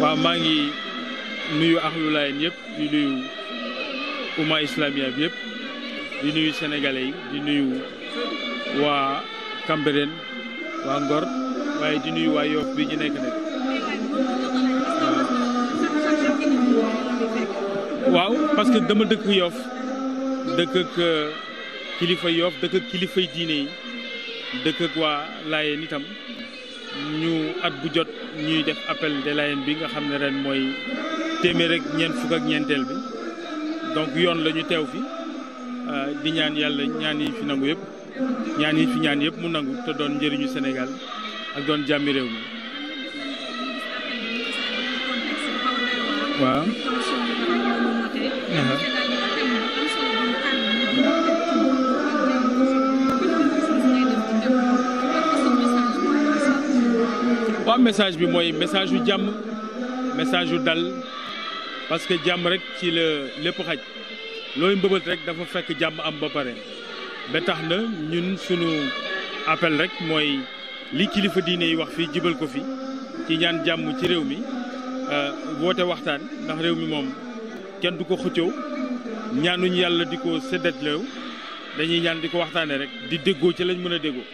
waaw maa ngi nuyu axlu laayeen yëpp di nuyu umma islamia bi di nuyu sénégalais yi di nuyu waa Cambérène waa Ngor waaye di nuyu waa Yoff bi ñu nekk nag waaw parce que dama dëkk Yoff dëkk ak euh, kilifa Yoff dëkk ak kilifay diine yi dëkk ak waa Laayeen itam ñu at bu jot ñuy def appel de Laayeen bi nga xam ne ren mooy téeméer ak ñeent fukk ak ñeenteel bi donc yoon lañu teew fi di ñaan yàlla ñaan yi fi nangu yëpp ñaan yi fi ñaan yëpp mu nangu te doon njëriñu Sénégal ak doon jàmmi réew mi waaw message bi mooy message yu jàmm message yu dal parce que jàmm rek ci la lépp xaj looy mbëbët rek dafa fekk jàmm am ba pare ba tax na ñun sunu appel rek mooy li kilifa diine yi wax fii jibal ko fi ci ñaan jàmm ci réew mi euh, woote waxtaan ndax réew mi moom kenn du ko xëccoo ñaanuñ yàlla di ko séddat dañuy ñaan di ko waxtaanee rek di déggoo ci lañ mën a déggoo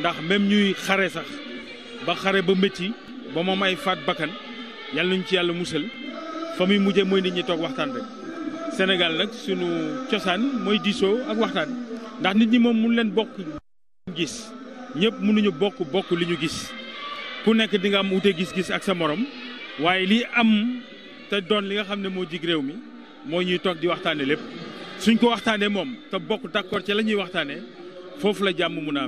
ndax même ñuy xare sax ba xare ba métti ba moom ay faat bakkan yàlla nañu ci yàlla musal fa muy mujje mooy nit ñi toog waxtaan rek Sénégal nag sunu cosaan mooy diisoo ak waxtaan ndax nit ñi moom mun leen bokk gis ñëpp mënuñu bokk bokk li ñu gis ku nekk di nga am wute gis-gis ak sa morom waaye li am te doon li nga xam ne moo jig réew mi moo ñuy toog di waxtaane lépp suñ ko waxtaanee moom te bokk d'accord ci la ñuy waxtaanee foofu la jàmm mun a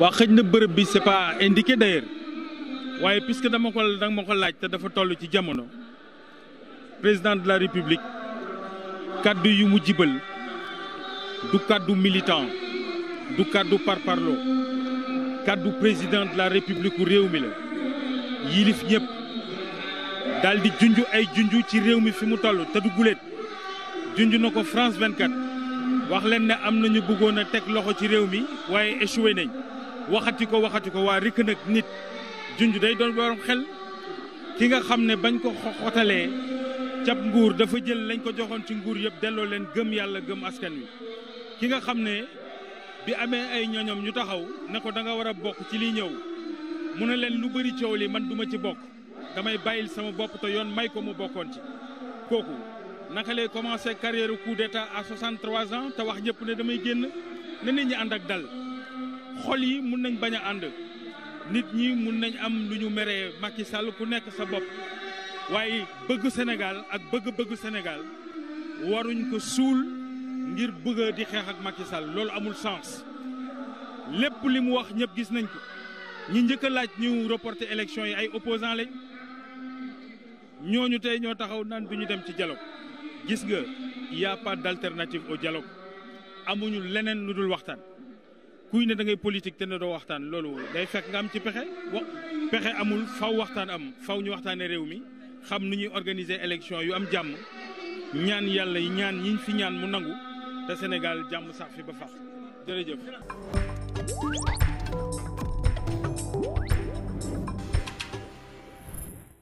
waa xëj na bërëb bi c'est pas indiqué d'ailleurs waaye puisque dama ko laaj te dafa toll ci jamono président de la république kaddu yu mu jibal du kaddu militant du kaddu parparloo kàddu président de la république réew mi la yilif ñëpp daal di junj ay junj ci réew mi fi mu toll te du guléet junj na ko France 24 wax leen ne am nañu bëggoon a teg loxo ci réew mi waaye échoué nañ waxati ko waxati ko waa rikk nag nit junj day doon borom xel ki nga xam ne bañ ko xotalee cab nguur dafa jël lañ ko joxoon ci nguur yëpp delloo leen gëm yàlla gëm askan wi ki nga xam ne bi amee ay ñoñom ñu taxaw ne ko danga war a bokk ci li ñëw mu ne leen lu bëri coow li man duma ci bokk damay bàyyil sama bopp te yoon may ko mu bokkoon ci kooku naka lay commencé carrière coup d'état à 63 ans te wax ñëpp ne damay génn ne ñi ànd ak dal xol yi mun nañ bañ a ànd nit ñi mun nañ am lu ñu meree Macky Sall ku nekk sa bopp waaye bëgg Sénégal ak bëgg-bëgg Sénégal waruñ ko suul ngir bëgg di xeex ak Macky Sall loolu amul sens lépp li mu wax ñëpp gis nañ ko ñi njëkk a laaj ñu reporter élection yi ay opposants lañ ñooñu tey ñoo taxaw naan du ñu dem ci dialogue gis nga y a pas o au amuñu leneen lu dul waxtaan kuy ne da ngay politique te ne doo waxtaan loolu day fekk nga am ci pexe wa pexe amul faw waxtaan am faw ñu waxtaanee réew mi xam nu ñuy organiser élection yu am jàmm ñaan yàlla ñaan yiñ fi ñaan mu nangu. te Sénégal jàmm sax fi ba fax jërëjëf.